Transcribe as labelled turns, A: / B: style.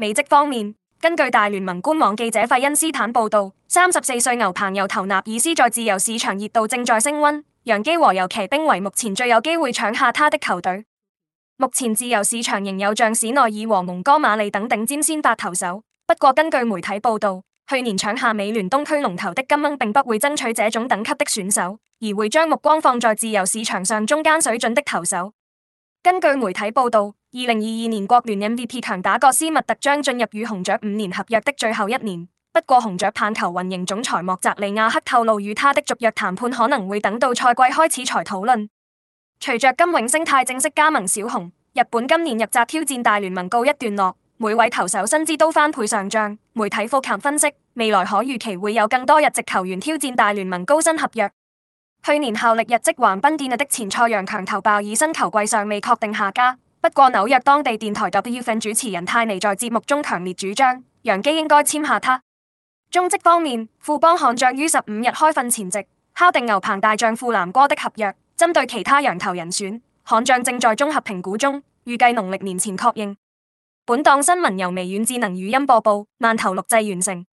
A: 美職方面，根據大聯盟官網記者費恩斯坦報道，三十四歲牛棚右投納爾斯在自由市場熱度正在升温，洋基和遊騎兵為目前最有機會搶下他的球隊。目前自由市場仍有像史內爾和蒙哥馬利等頂尖先發投手，不過根據媒體報道，去年搶下美聯東區龍頭的金鶯並不會爭取這種等級的選手，而會將目光放在自由市場上中間水準的投手。根據媒體報道，二零二二年國聯 MVP 強打哥斯密特將進入與紅雀五年合約的最後一年。不過紅雀棒球運營總裁莫澤利亞克透露，與他的續約談判可能會等到賽季開始才討論。隨着金永星泰正式加盟小熊，日本今年入札挑戰大聯盟告一段落，每位投手薪資都翻倍上漲。媒體複盤分析，未來可預期會有更多日籍球員挑戰大聯盟高薪合約。去年效力日職橫濱電業的前賽揚強投鮑爾新球季尚未確定下家，不過紐約當地電台 WFAN 主持人泰尼在節目中強烈主張洋基應該簽下他。中職方面，富邦悍將於十五日開訓前夕敲定牛棚大將富南哥的合約，針對其他洋投人選，悍將正在綜合評估中，預計農曆年前確認。本檔新聞由微軟智能語音播報，慢頭錄製完成。